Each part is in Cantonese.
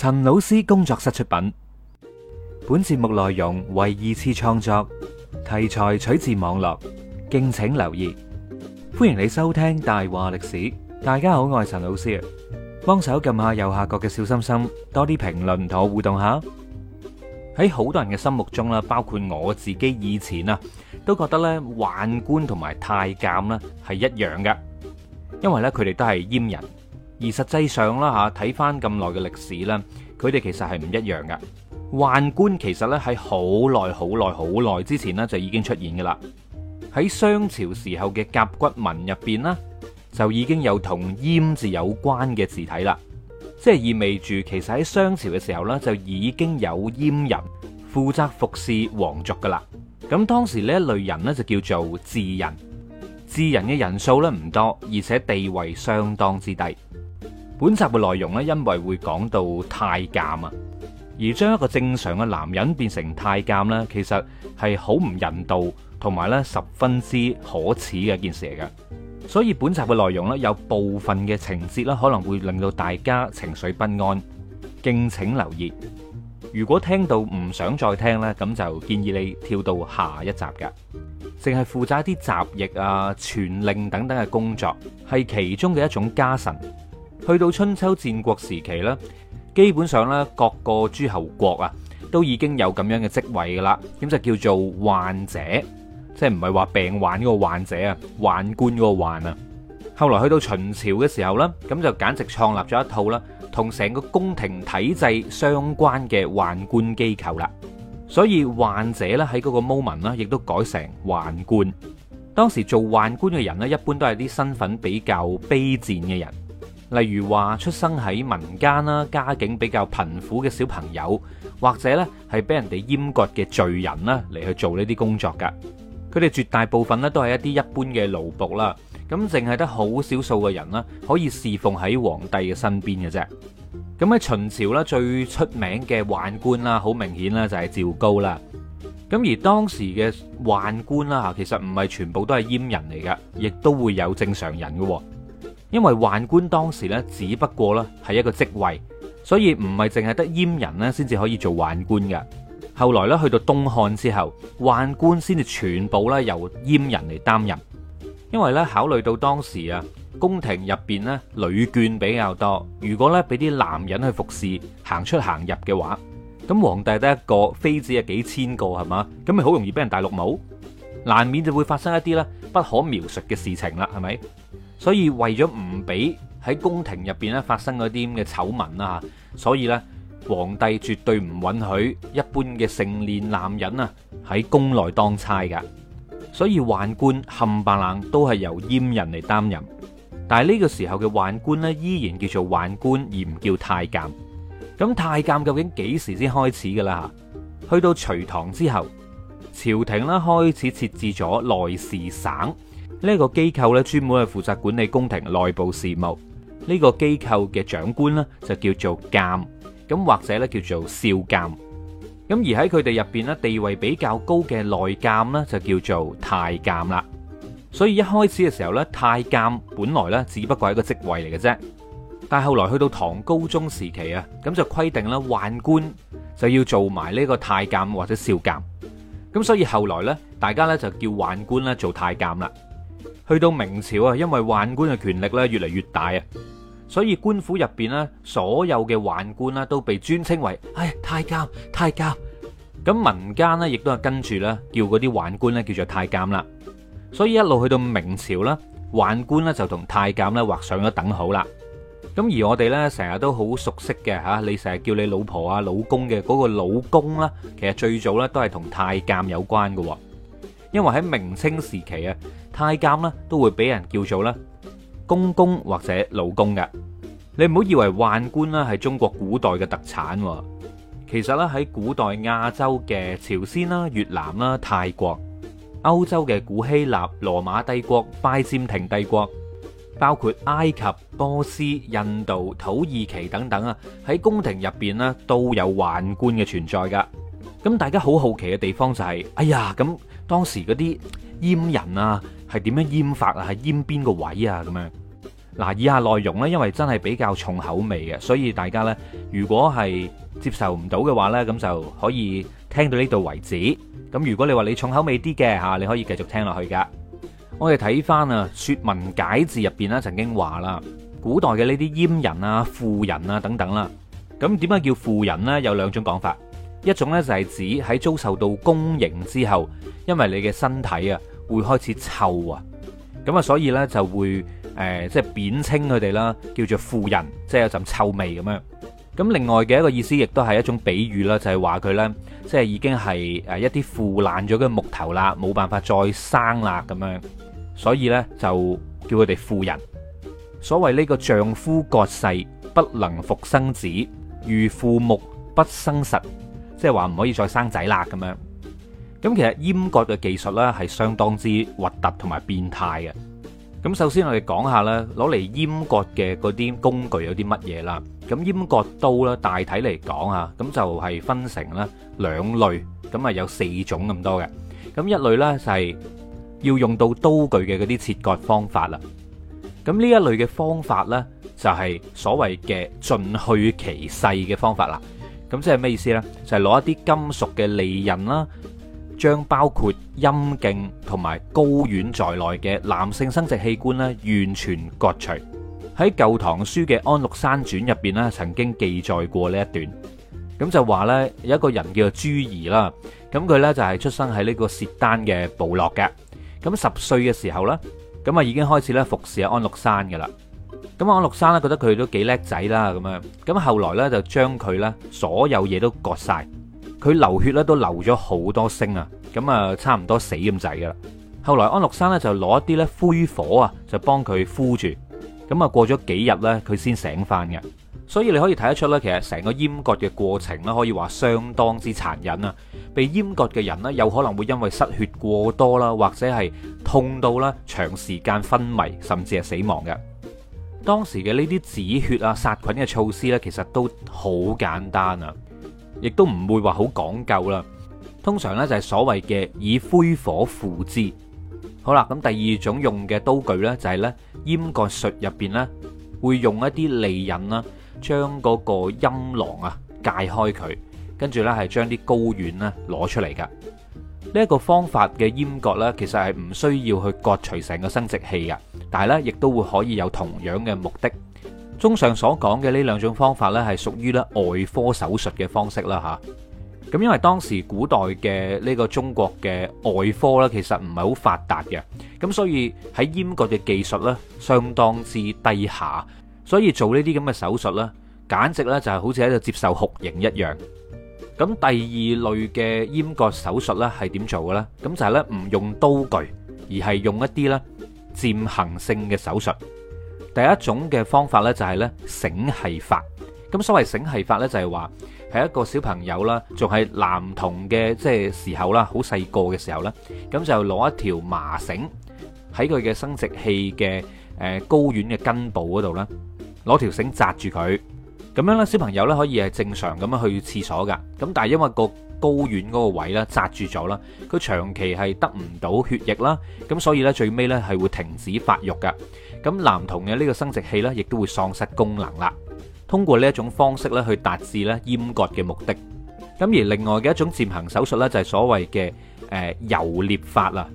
陳老師工作室出品，本節目內容為二次創作，題材取自網絡，敬請留意。歡迎你收聽《大話歷史》，大家好，我係陳老師，幫手撳下右下角嘅小心心，多啲評論同我互動下。喺好多人嘅心目中啦，包括我自己以前啊，都覺得咧宦官同埋太監咧係一樣嘅，因為咧佢哋都係閹人。而實際上啦嚇，睇翻咁耐嘅歷史咧，佢哋其實係唔一樣嘅。宦官其實咧喺好耐、好耐、好耐之前呢就已經出現嘅啦。喺商朝時候嘅甲骨文入邊呢就已經有同閹字有關嘅字體啦。即係意味住其實喺商朝嘅時候呢就已經有閹人負責服侍皇族噶啦。咁當時呢一類人呢，就叫做智人。智人嘅人數呢唔多，而且地位相當之低。本集嘅內容因為會講到太監啊，而將一個正常嘅男人變成太監其實係好唔人道，同埋十分之可恥嘅一件事嚟嘅。所以本集嘅內容有部分嘅情節可能會令到大家情緒不安，敬請留意。如果聽到唔想再聽呢，咁就建議你跳到下一集嘅。淨係負責一啲雜役啊、傳令等等嘅工作，係其中嘅一種家臣。去到春秋戰國時期啦，基本上咧，各個諸侯國啊，都已經有咁樣嘅職位噶啦。咁就叫做患者，即係唔係話病患嗰個患者啊，宦官嗰個宦啊。後來去到秦朝嘅時候咧，咁就簡直創立咗一套啦，同成個宮廷體制相關嘅宦官機構啦。所以患者咧，喺嗰個 moment 啦，亦都改成宦官。當時做宦官嘅人咧，一般都係啲身份比較卑賤嘅人。例如話出生喺民間啦，家境比較貧苦嘅小朋友，或者呢係俾人哋閹割嘅罪人啦，嚟去做呢啲工作噶。佢哋絕大部分呢都係一啲一般嘅奴僕啦，咁淨係得好少數嘅人啦，可以侍奉喺皇帝嘅身邊嘅啫。咁喺秦朝呢，最出名嘅宦官啦，好明顯啦就係趙高啦。咁而當時嘅宦官啦吓，其實唔係全部都係閹人嚟嘅，亦都會有正常人嘅。因為宦官當時咧，只不過咧係一個職位，所以唔係淨係得閹人咧先至可以做宦官嘅。後來咧去到東漢之後，宦官先至全部咧由閹人嚟擔任。因為咧考慮到當時啊，宮廷入邊咧女眷比較多，如果咧俾啲男人去服侍行出行入嘅話，咁皇帝得一個妃子啊幾千個係嘛，咁咪好容易俾人戴綠帽，難免就會發生一啲咧不可描述嘅事情啦，係咪？所以為咗唔俾喺宮廷入邊咧發生嗰啲咁嘅醜聞啦，所以咧皇帝絕對唔允許一般嘅成年男人啊喺宮內當差噶。所以宦官冚唪唥都係由閹人嚟擔任。但係呢個時候嘅宦官咧依然叫做宦官，而唔叫太監。咁太監究竟幾時先開始噶啦？去到隋唐之後，朝廷咧開始設置咗內侍省。呢個機構咧，專門係負責管理宮廷內部事務。呢個機構嘅長官咧，就叫做監，咁或者咧叫做少監。咁而喺佢哋入邊咧，地位比較高嘅內監就叫做太監啦。所以一開始嘅時候咧，太監本來咧只不過係一個職位嚟嘅啫。但係後來去到唐高宗時期啊，咁就規定咧，宦官就要做埋呢個太監或者少監。咁所以後來咧，大家咧就叫宦官咧做太監啦。去到明朝啊，因為宦官嘅權力咧越嚟越大啊，所以官府入邊咧，所有嘅宦官咧都被尊稱為唉、哎、太監太監，咁民間咧亦都係跟住咧叫嗰啲宦官咧叫做太監啦，所以一路去到明朝啦，宦官咧就同太監咧劃上咗等號啦。咁而我哋咧成日都好熟悉嘅吓，你成日叫你老婆啊老公嘅嗰個老公啦，其實最早咧都係同太監有關嘅，因為喺明清時期啊。太監咧都會俾人叫做咧公公或者老公嘅。你唔好以為宦官咧係中國古代嘅特產，其實咧喺古代亞洲嘅朝鮮啦、越南啦、泰國、歐洲嘅古希臘、羅馬帝國、拜占庭帝國，包括埃及、波斯、印度、土耳其等等啊，喺宮廷入邊咧都有宦官嘅存在噶。咁大家好好奇嘅地方就係，哎呀咁當時嗰啲。閹人啊，係點樣閹法啊？係閹邊個位啊？咁樣嗱，以下內容呢，因為真係比較重口味嘅，所以大家呢，如果係接受唔到嘅話呢，咁就可以聽到呢度為止。咁如果你話你重口味啲嘅吓，你可以繼續聽落去噶。我哋睇翻啊《說文解字》入邊呢，曾經話啦，古代嘅呢啲閹人啊、富人啊等等啦，咁點解叫富人呢？有兩種講法。一種咧就係指喺遭受到宮刑之後，因為你嘅身體啊會開始臭啊，咁啊，所以呢，就會誒即係貶稱佢哋啦，叫做腐人，即係有陣臭味咁樣。咁另外嘅一個意思，亦都係一種比喻啦，就係話佢呢，即係已經係誒一啲腐爛咗嘅木頭啦，冇辦法再生啦咁樣，所以呢，就叫佢哋腐人。所謂呢個丈夫割勢不能復生子，如腐木不生實。即係話唔可以再生仔啦咁樣，咁其實閹割嘅技術咧係相當之核突同埋變態嘅。咁首先我哋講下咧，攞嚟閹割嘅嗰啲工具有啲乜嘢啦？咁閹割刀咧，大體嚟講吓，咁就係分成咧兩類，咁啊有四種咁多嘅。咁一類咧就係要用到刀具嘅嗰啲切割方法啦。咁呢一類嘅方法咧，就係所謂嘅盡去其勢嘅方法啦。咁即係咩意思呢？就係、是、攞一啲金屬嘅利刃啦，將包括陰莖同埋睾丸在內嘅男性生殖器官呢，完全割除。喺舊唐書嘅安禄山傳入邊呢，面曾經記載過呢一段。咁就話呢，有一個人叫做朱儀啦。咁佢呢，就係出生喺呢個薛丹嘅部落嘅。咁十歲嘅時候啦，咁啊已經開始咧服侍安禄山噶啦。咁安祿山咧，覺得佢都幾叻仔啦，咁樣咁後來呢，就將佢呢所有嘢都割晒，佢流血咧都流咗好多星啊，咁啊差唔多死咁滯噶啦。後來安祿山呢就攞啲咧灰火啊，就幫佢敷住，咁啊過咗幾日呢，佢先醒翻嘅。所以你可以睇得出呢，其實成個閹割嘅過程呢，可以話相當之殘忍啊。被閹割嘅人呢，有可能會因為失血過多啦，或者係痛到啦長時間昏迷，甚至係死亡嘅。當時嘅呢啲止血啊、殺菌嘅措施呢，其實都好簡單啊，亦都唔會話好講究啦。通常呢，就係所謂嘅以灰火附之。好啦，咁第二種用嘅刀具呢，就係呢閹割術入邊呢，會用一啲利刃啦，將嗰個陰囊啊界開佢，跟住呢係將啲睾丸呢攞出嚟噶。呢一個方法嘅閹割呢，其實係唔需要去割除成個生殖器嘅，但係咧亦都會可以有同樣嘅目的。綜上所講嘅呢兩種方法呢，係屬於咧外科手術嘅方式啦，吓。咁因為當時古代嘅呢個中國嘅外科呢，其實唔係好發達嘅，咁所以喺閹割嘅技術呢，相當之低下，所以做呢啲咁嘅手術呢，簡直呢就係好似喺度接受酷刑一樣。咁第二類嘅閹割手術咧係點做嘅咧？咁就係咧唔用刀具，而係用一啲咧漸行性嘅手術。第一種嘅方法咧就係咧繩繫法。咁所謂繩繫法咧就係話係一個小朋友啦，仲係男童嘅即係時候啦，好細個嘅時候咧，咁就攞一條麻繩喺佢嘅生殖器嘅誒睾丸嘅根部嗰度啦，攞條繩紮住佢。咁樣咧，小朋友咧可以係正常咁樣去廁所噶咁但係因為個睾丸嗰個位咧紮住咗啦，佢長期係得唔到血液啦，咁所以咧最尾咧係會停止發育噶咁男童嘅呢個生殖器咧亦都會喪失功能啦。通過呢一種方式咧去達至咧閹割嘅目的，咁而另外嘅一種漸行手術咧就係所謂嘅誒游獵法啦，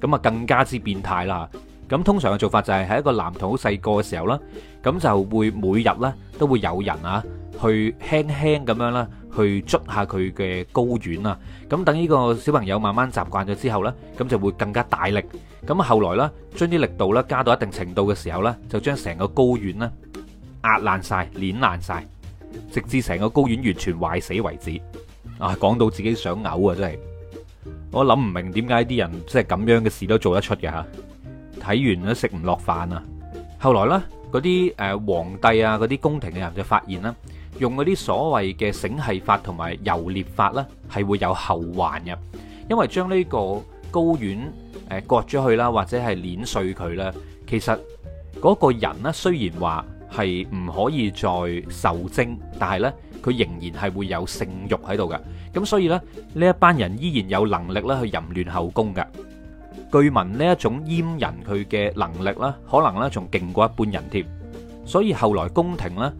咁啊更加之變態啦吓。咁通常嘅做法就係喺一個男童好細個嘅時候啦，咁就會每日咧都會有人啊去輕輕咁樣啦，去捽下佢嘅睾丸啊。咁等呢個小朋友慢慢習慣咗之後咧，咁就會更加大力。咁後來啦，將啲力度咧加到一定程度嘅時候咧，就將成個睾丸咧壓爛晒、碾爛晒，直至成個睾丸完全壞死為止。啊，講到自己想嘔啊，真係我諗唔明點解啲人即係咁樣嘅事都做得出嘅吓。睇完都食唔落飯啊！後來咧，嗰啲誒皇帝啊，嗰啲宮廷嘅人就發現啦，用嗰啲所謂嘅繩繫法同埋遊獵法咧，係會有後患嘅。因為將呢個睾丸誒割咗去啦，或者係碾碎佢啦，其實嗰個人咧雖然話係唔可以再受精，但係咧佢仍然係會有性慾喺度嘅。咁所以咧，呢一班人依然有能力咧去淫亂後宮嘅。據聞呢一種閹人佢嘅能力呢，可能仲勁過一般人添。所以後來宮廷呢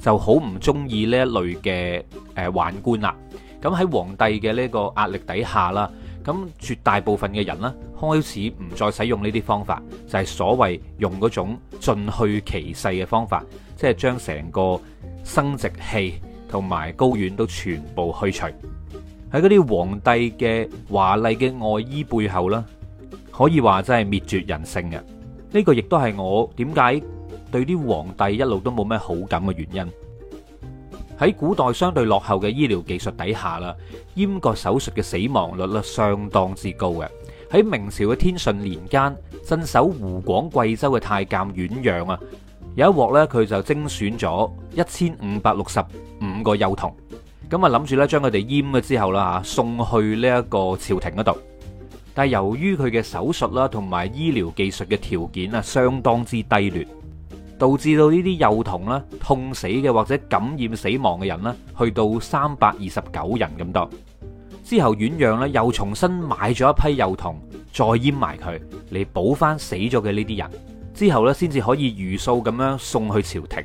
就好唔中意呢一類嘅誒宦官啦。咁喺皇帝嘅呢個壓力底下啦，咁絕大部分嘅人呢開始唔再使用呢啲方法，就係所謂用嗰種盡去其勢嘅方法，即係將成個生殖器同埋睪丸都全部去除。喺嗰啲皇帝嘅華麗嘅外衣背後啦。可以話真係滅絕人性嘅，呢個亦都係我點解對啲皇帝一路都冇咩好感嘅原因。喺古代相對落後嘅醫療技術底下啦，閹割手術嘅死亡率呢相當之高嘅。喺明朝嘅天順年間，鎮守湖廣貴州嘅太監阮楊啊，有一鑊呢佢就精選咗一千五百六十五個幼童，咁啊諗住咧將佢哋閹咗之後啦吓，送去呢一個朝廷嗰度。但係由於佢嘅手術啦，同埋醫療技術嘅條件啊，相當之低劣，導致到呢啲幼童啦痛死嘅或者感染死亡嘅人啦，去到三百二十九人咁多。之後阮綱讓咧又重新買咗一批幼童再閹埋佢，嚟補翻死咗嘅呢啲人。之後咧先至可以如數咁樣送去朝廷，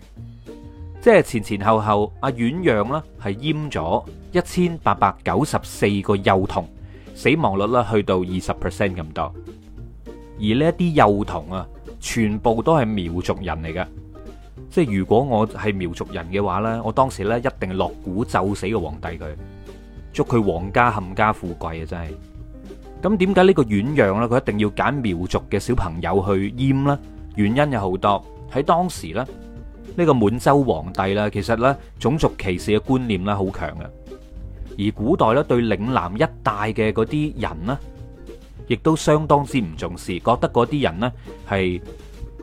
即係前前後後，阿阮讓咧係閹咗一千八百九十四個幼童。死亡率咧去到二十 percent 咁多，而呢一啲幼童啊，全部都係苗族人嚟嘅。即係如果我係苗族人嘅話咧，我當時咧一定落蠱咒死個皇帝佢，祝佢皇家冚家富貴啊！真係。咁點解呢個遠洋咧，佢一定要揀苗族嘅小朋友去閹啦。原因有好多。喺當時咧，呢個滿洲皇帝咧，其實咧種族歧視嘅觀念咧好強啊。而古代咧，對嶺南一帶嘅嗰啲人呢亦都相當之唔重視，覺得嗰啲人呢係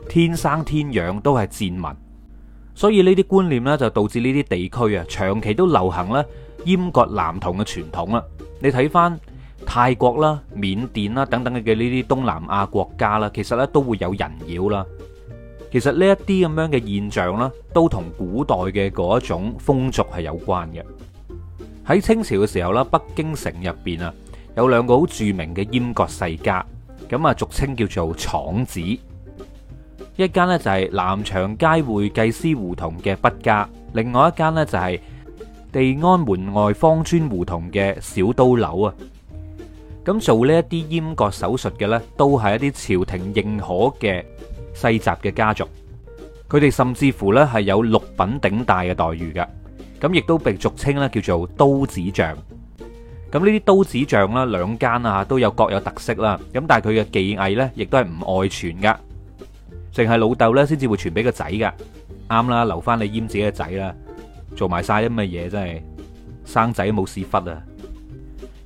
天生天養都係賤民，所以呢啲觀念呢，就導致呢啲地區啊長期都流行咧閹割男童嘅傳統啦。你睇翻泰國啦、緬甸啦等等嘅呢啲東南亞國家啦，其實咧都會有人妖啦。其實呢一啲咁樣嘅現象呢都同古代嘅嗰一種風俗係有關嘅。喺清朝嘅時候啦，北京城入邊啊，有兩個好著名嘅閹割世家，咁啊，俗稱叫做廠子。一間呢就係南長街會計司胡同嘅畢家，另外一間呢就係地安門外方磚胡同嘅小刀劉啊。咁做呢一啲閹割手術嘅呢，都係一啲朝廷認可嘅世襲嘅家族，佢哋甚至乎呢係有六品頂戴嘅待遇嘅。咁亦都被俗稱咧叫做刀子匠。咁呢啲刀子匠啦，兩間啊都有各有特色啦。咁但係佢嘅技藝咧，亦都係唔外傳噶，淨係老豆咧先至會傳俾個仔噶。啱啦，留翻，你閹自己嘅仔啦，做埋晒啲咁嘅嘢，真係生仔冇屎忽啊！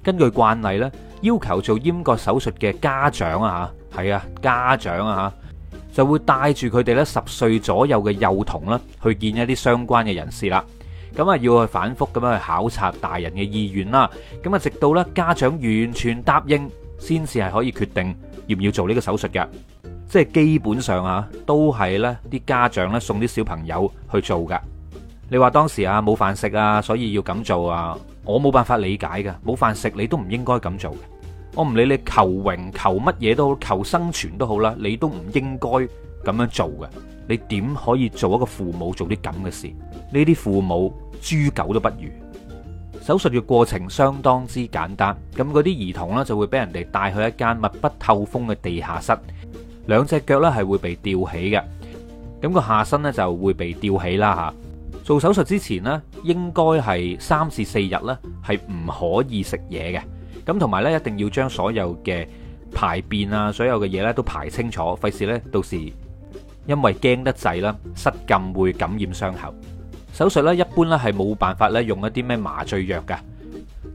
根據慣例咧，要求做閹割手術嘅家長啊吓，係啊家長啊吓，就會帶住佢哋咧十歲左右嘅幼童啦，去見一啲相關嘅人士啦。咁啊，要去反覆咁樣去考察大人嘅意願啦。咁啊，直到咧家長完全答應，先至係可以決定要唔要做呢個手術嘅。即係基本上啊，都係咧啲家長咧送啲小朋友去做噶。你話當時啊冇飯食啊，所以要咁做啊，我冇辦法理解噶。冇飯食你都唔應該咁做嘅。我唔理你求榮求乜嘢都好，求生存都好啦，你都唔應該咁樣做嘅。你點可以做一個父母做啲咁嘅事？呢啲父母豬狗都不如。手術嘅過程相當之簡單，咁嗰啲兒童呢就會俾人哋帶去一間密不透風嘅地下室，兩隻腳咧係會被吊起嘅，咁個下身咧就會被吊起啦吓。做手術之前呢應該係三至四日呢係唔可以食嘢嘅，咁同埋呢一定要將所有嘅排便啊，所有嘅嘢呢都排清楚，費事呢到時。因為驚得滯啦，失禁會感染傷口。手術咧一般咧係冇辦法咧用一啲咩麻醉藥嘅，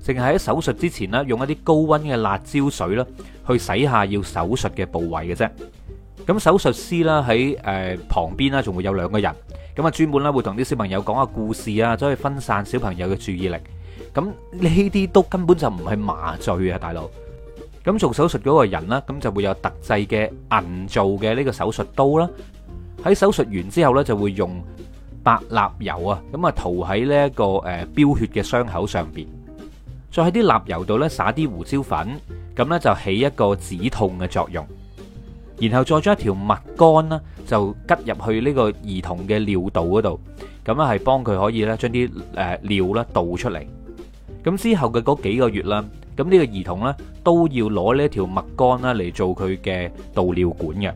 淨係喺手術之前咧用一啲高溫嘅辣椒水啦，去洗下要手術嘅部位嘅啫。咁手術師啦喺誒旁邊啦，仲會有兩個人咁啊，專門咧會同啲小朋友講下故事啊，走去分散小朋友嘅注意力。咁呢啲都根本就唔係麻醉啊，大佬。咁做手術嗰個人呢，咁就會有特製嘅銀做嘅呢個手術刀啦。喺手術完之後呢就會用白蠟油啊，塗喺呢個標血嘅傷口上面。再喺啲蠟油度呢，撒啲胡椒粉，噉呢就起一個止痛嘅作用。然後再將一條麥杆呢，就拮入去呢個兒童嘅尿道嗰度，噉係幫佢可以呢，將啲尿呢倒出嚟。噉之後嘅嗰幾個月啦，噉呢個兒童呢，都要攞呢一條麥杆呢嚟做佢嘅導尿管嘅。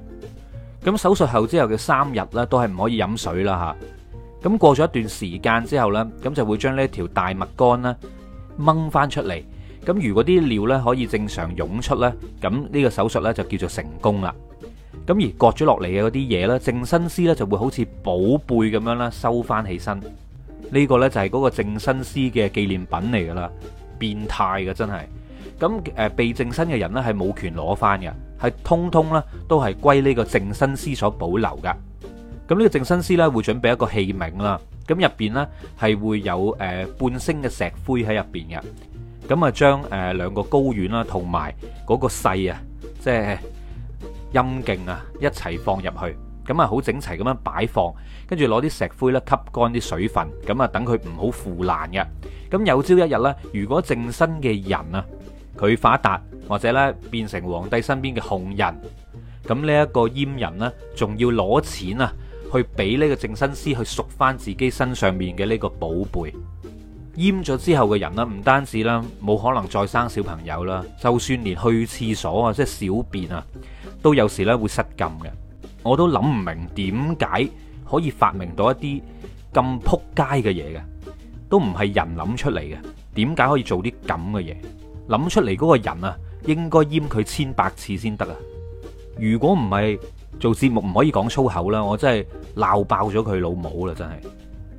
咁手術後之後嘅三日咧，都係唔可以飲水啦吓。咁過咗一段時間之後呢，咁就會將呢條條大麥稈呢掹翻出嚟。咁如果啲尿呢可以正常湧出呢，咁呢個手術呢就叫做成功啦。咁而割咗落嚟嘅嗰啲嘢呢，淨身師呢就會好似寶貝咁樣啦收翻起、這個、身。呢個呢就係嗰個淨身師嘅紀念品嚟噶啦，變態㗎，真係。咁誒，被淨身嘅人呢係冇權攞翻嘅。係通通咧，都係歸呢個淨身師所保留噶。咁呢個淨身師咧，會準備一個器皿啦。咁入邊咧，係會有誒半升嘅石灰喺入邊嘅。咁啊，將誒兩個睾丸啦，同埋嗰個細啊，即係陰莖啊，一齊放入去。咁啊，好整齊咁樣擺放，跟住攞啲石灰咧吸乾啲水分。咁啊，等佢唔好腐爛嘅。咁有朝一日咧，如果淨身嘅人啊，佢發達或者咧，變成皇帝身邊嘅紅人，咁呢一個閹人呢，仲要攞錢啊，去俾呢個淨身師去贖翻自己身上面嘅呢個寶貝。閹咗之後嘅人呢，唔單止啦，冇可能再生小朋友啦，就算連去廁所啊，即係小便啊，都有時呢會失禁嘅。我都諗唔明點解可以發明到一啲咁撲街嘅嘢嘅，都唔係人諗出嚟嘅，點解可以做啲咁嘅嘢？諗出嚟嗰個人啊，應該閹佢千百次先得啊！如果唔係做節目唔可以講粗口啦，我真係鬧爆咗佢老母啦！真係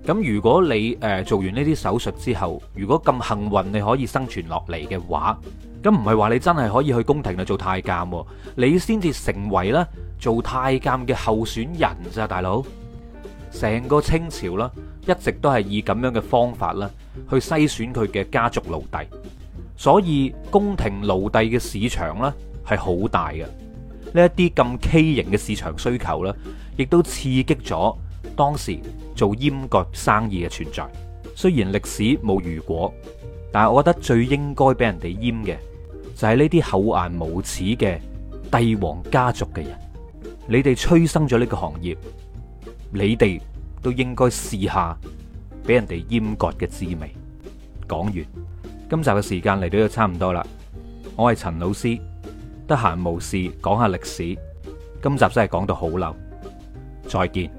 咁。如果你誒、呃、做完呢啲手術之後，如果咁幸運你可以生存落嚟嘅話，咁唔係話你真係可以去宮廷度做太監，你先至成為咧做太監嘅候選人咋，大佬，成個清朝啦一直都係以咁樣嘅方法啦去篩選佢嘅家族奴隸。所以宮廷奴隸嘅市場咧係好大嘅，呢一啲咁畸形嘅市場需求咧，亦都刺激咗當時做閹割生意嘅存在。雖然歷史冇如果，但係我覺得最應該俾人哋閹嘅就係呢啲厚顏無恥嘅帝王家族嘅人。你哋催生咗呢個行業，你哋都應該試下俾人哋閹割嘅滋味。講完。今集嘅時間嚟到都差唔多啦，我係陳老師，得閒無事講下歷史，今集真係講到好漏，再見。